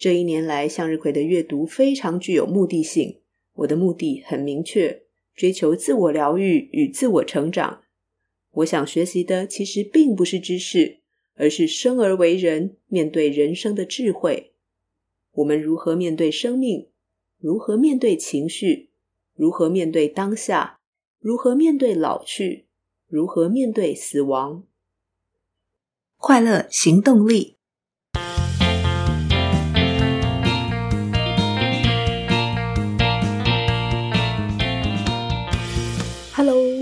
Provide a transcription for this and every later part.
這一年來，向日葵的閱讀非常具有目的性。我的目的很明確，追求自我療癒與自我成長。我想學習的其實並不是知識，而是生而為人、面對人生的智慧。我們如何面對生命？如何面對情緒？如何面對當下？如何面對老去？如何面對死亡？快樂行動力。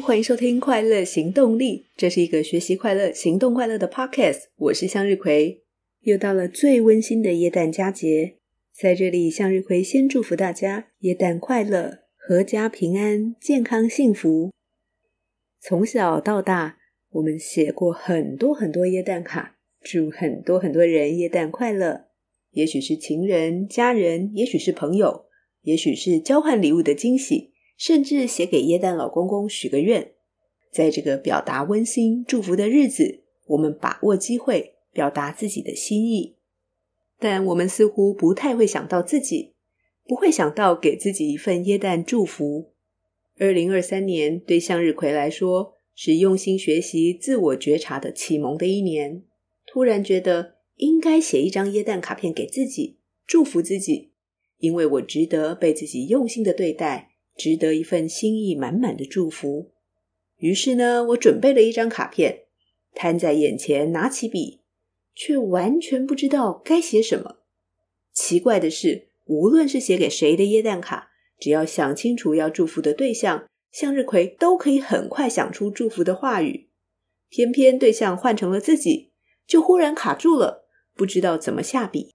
歡迎收聽《快樂行動力》，這是一個學習快樂、行動快樂的 podcast。我是向日葵，又到了最溫馨的耶誕佳節，在這裡，向日葵先祝福大家耶誕快樂，闔家平安，健康幸福。從小到大，我們寫過很多很多耶誕卡，祝很多很多人耶誕快樂。也許是情人、家人，也許是朋友，也許是交換禮物的驚喜。甚至寫給耶誕老公公許個願，在這個表達溫馨祝福的日子，我們把握機會表達自己的心意，但我們似乎不太會想到自己，不會想到給自己一份耶誕祝福。2023年對向日葵來說是用心學習自我覺察的啟蒙的一年，突然覺得應該寫一張耶誕卡片給自己，祝福自己，因為我值得被自己用心的對待。值得一份心意滿滿的祝福。於是呢，我準備了一張卡片，攤在眼前，拿起筆，卻完全不知道該寫什麼。奇怪的是，無論是寫給誰的耶誕卡，只要想清楚要祝福的對象，向日葵都可以很快想出祝福的話語。偏偏對象換成了自己，就忽然卡住了，不知道怎麼下筆。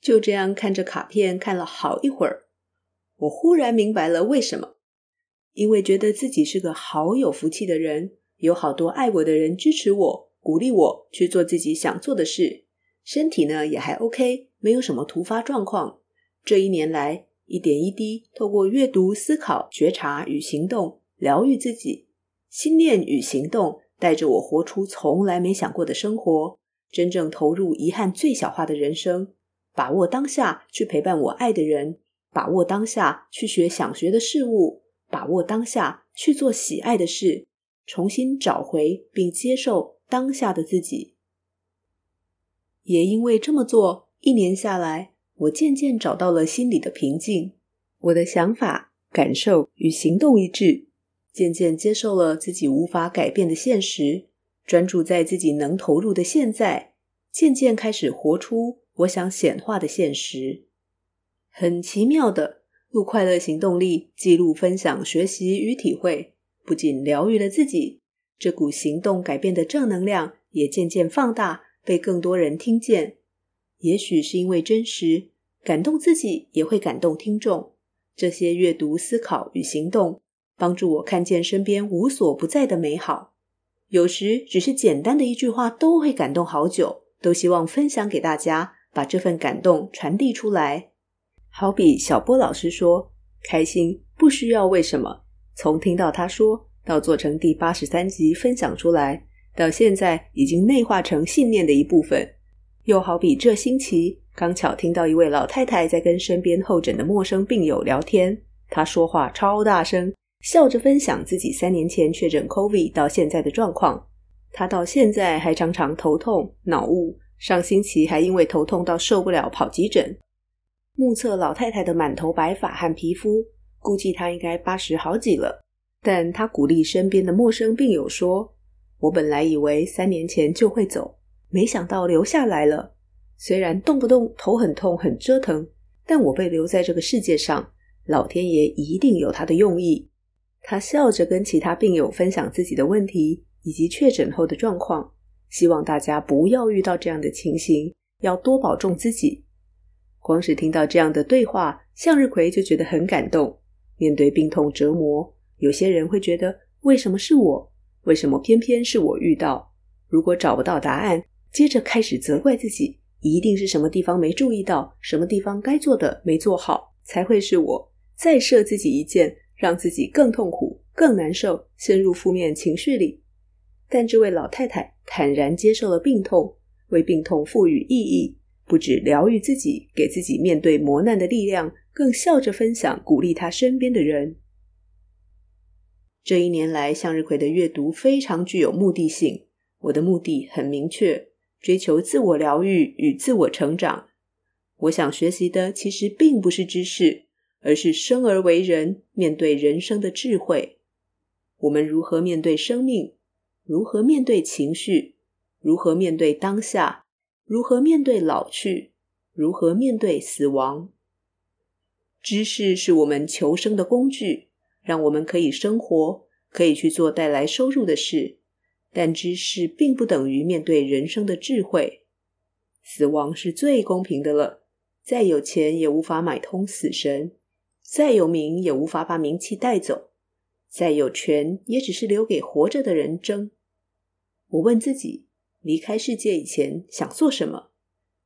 就這樣看着卡片看了好一會兒。我忽然明白了為什麼，因為覺得自己是個好有福氣的人，有好多愛我的人支持我、鼓勵我去做自己想做的事。身體呢也還 OK，沒有什麼突發狀況。這一年來，一點一滴，透過閱讀、思考、覺察與行動，療癒自己，心念與行動帶着我活出從來沒想過的生活，真正投入遺憾最小化的人生，把握當下，去陪伴我愛的人。把握當下，去學想學的事物；把握當下，去做喜愛的事；重新找回並接受當下的自己。也因為這麼做，一年下來，我漸漸找到了心裡的平靜。我的想法、感受與行動一致，漸漸接受了自己無法改變的現實，專注在自己能投入的現在，漸漸開始活出我想顯化的現實。很奇妙的，用快樂行動力記錄、分享、學習與體會，不僅療癒了自己，這股行動改變的正能量也漸漸放大，被更多人聽見。也許是因為真實，感動自己也會感動聽眾。這些閱讀、思考與行動，幫助我看見身邊無所不在的美好。有時只是簡單的一句話都會感動好久，都希望分享給大家，把這份感動傳遞出來。好比小波老師說：“開心不需要為什麼。”從聽到他說到做成第八十三集分享出來，到現在已經內化成信念的一部分。又好比這星期剛巧聽到一位老太太在跟身邊候診的陌生病友聊天，她說話超大聲，笑着分享自己三年前確診 COVID 到現在的狀況。她到現在還常常頭痛、腦霧，上星期還因為頭痛到受不了跑急診。目測老太太的滿頭白髮和皮膚，估計她應該八十好幾了。但她鼓勵身邊的陌生病友說：“我本來以為三年前就會走，沒想到留下來了。雖然動不動頭很痛、很折騰，但我被留在這個世界上，老天爺一定有他的用意。”她笑着跟其他病友分享自己的問題以及確診後的狀況，希望大家不要遇到這樣的情形，要多保重自己。光是聽到這樣的對話，向日葵就覺得很感動。面對病痛折磨，有些人會覺得：為什麼是我？為什麼偏偏是我遇到？如果找不到答案，接着開始責怪自己，一定是什麼地方沒注意到，什麼地方該做的沒做好，才會是我。再射自己一箭，讓自己更痛苦、更難受，陷入負面情緒裡。但這位老太太坦然接受了病痛，為病痛賦予意義。不止療癒自己，給自己面對磨難的力量，更笑着分享，鼓勵他身邊的人。這一年來，向日葵的閱讀非常具有目的性。我的目的很明確，追求自我療癒與自我成長。我想學習的其實並不是知識，而是生而為人，面對人生的智慧。我們如何面對生命？如何面對情緒？如何面對當下？如何面對老去？如何面對死亡？知識是我們求生的工具，讓我們可以生活，可以去做帶來收入的事。但知識並不等於面對人生的智慧。死亡是最公平的了，再有錢也無法買通死神，再有名也無法把名氣帶走，再有權也只是留給活着的人爭。我問自己，離開世界以前想做什麼？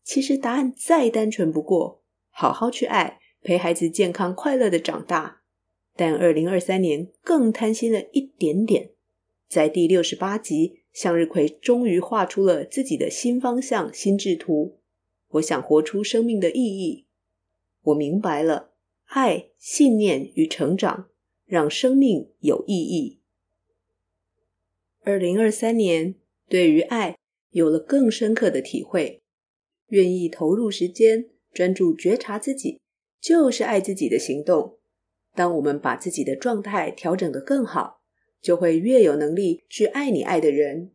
其實答案再單純不過，好好去愛，陪孩子健康快樂的長大。但二零二三年更貪心了一點點。在第六十八集，向日葵終於畫出了自己的新方向、新心智圖。我想活出生命的意義。我明白了，愛、信念與成長，讓生命有意義。二零二三年對於愛，有了更深刻的體會，願意投入時間，專注覺察自己，就是愛自己的行動。當我們把自己的狀態調整得更好，就會越有能力去愛你愛的人。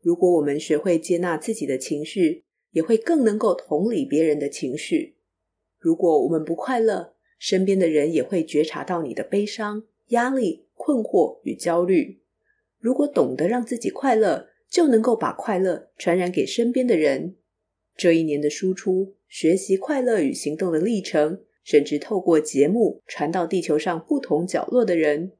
如果我們學會接納自己的情緒，也會更能夠同理別人的情緒。如果我們不快樂，身邊的人也會覺察到你的悲傷、壓力、困惑與焦慮。如果懂得讓自己快樂，就能夠把快樂傳染給身邊的人。這一年的輸出、學習快樂與行動的歷程，甚至透過節目傳到地球上不同角落的人。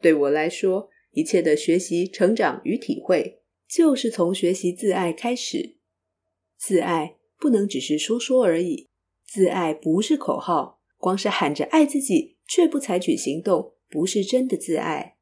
對我來說，一切的學習、成長與體會，就是從學習自愛開始。自愛不能只是說說而已，自愛不是口號，光是喊着愛自己，卻不採取行動，不是真的自愛。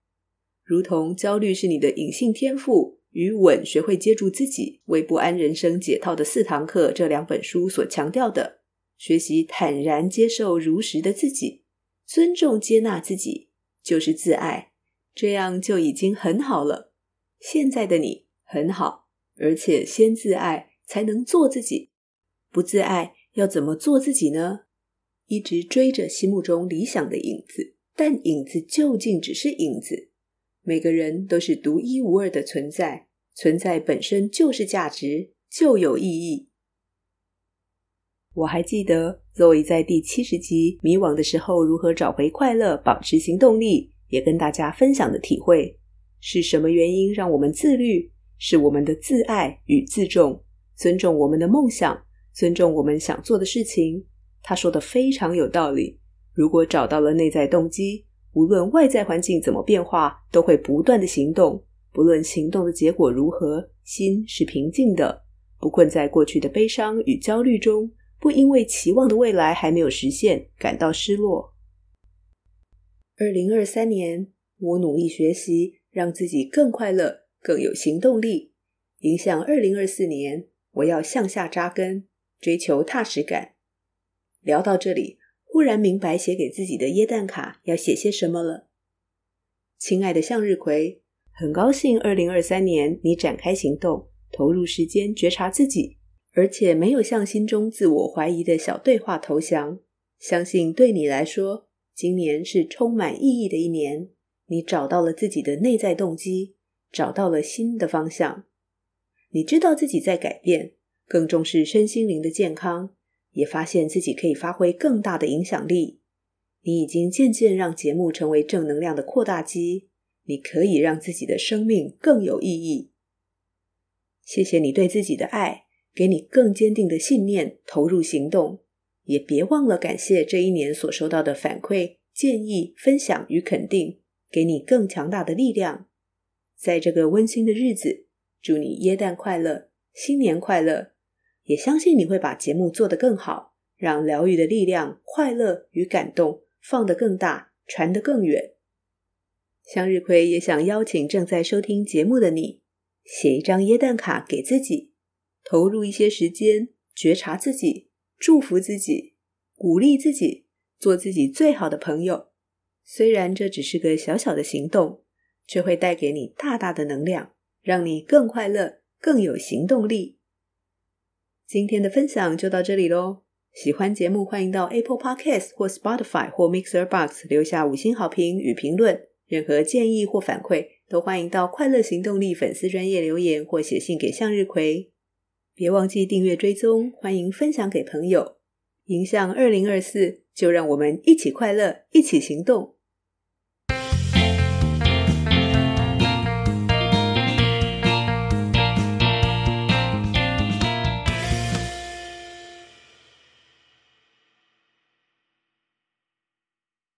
如同焦慮是你的隱性天賦。與穩學會接住自己，為不安人生解套的四堂課。這兩本書所強調的學習坦然接受如實的自己，尊重接納自己，就是自愛。這樣就已經很好了。現在的你很好，而且先自愛才能做自己。不自愛要怎麼做自己呢？一直追着心目中理想的影子，但影子究竟只是影子。每個人都是獨一無二的存在。存在本身就是價值，就有意義。我還記得 Zoe 在第七十集迷惘的時候，如何找回快樂、保持行動力，也跟大家分享的體會。是什麼原因讓我們自律？是我們的自愛與自重，尊重我們的夢想，尊重我們想做的事情。他說的非常有道理。如果找到了內在動機，無論外在環境怎麼變化，都會不斷的行動。不論行動的結果如何，心是平靜的，不困在過去的悲傷與焦慮中，不因為期望的未來還沒有實現感到失落。二零二三年，我努力學習，讓自己更快樂、更有行動力，迎向二零二四年，我要向下扎根，追求踏實感。聊到這裡，忽然明白寫給自己的耶誕卡要寫些什麼了。親愛的向日葵。很高興二零二三年你展開行動，投入時間覺察自己，而且沒有向心中自我懷疑的小對話投降。相信對你來說，今年是充滿意義的一年，你找到了自己的內在動機，找到了新的方向。你知道自己在改變，更重視身心靈的健康，也發現自己可以發揮更大的影響力。你已經漸漸讓節目成為正能量的擴大機。你可以讓自己的生命更有意義。謝謝你對自己的愛，給你更堅定的信念，投入行動，也別忘了感謝這一年所收到的反饋、建議、分享與肯定，給你更強大的力量。在這個溫馨的日子，祝你耶誕快樂，新年快樂！也相信你會把節目做得更好，讓療癒的力量、快樂與感動放得更大，傳得更遠。向日葵也想邀請正在收聽節目的你，寫一張耶誕卡給自己，投入一些時間，覺察自己，祝福自己，鼓勵自己，做自己最好的朋友。雖然這只是個小小的行動，卻會帶給你大大的能量，讓你更快樂，更有行動力。今天的分享就到這裡嘍。喜歡節目，歡迎到 Apple Podcast 或 Spotify 或 MixerBox 留下五星好評與評論。任何建議或反饋都歡迎到快樂行動力粉絲專頁留言或寫信給向日葵。別忘記訂閱追蹤，歡迎分享給朋友。迎向二零二四，就讓我們一起快樂，一起行動。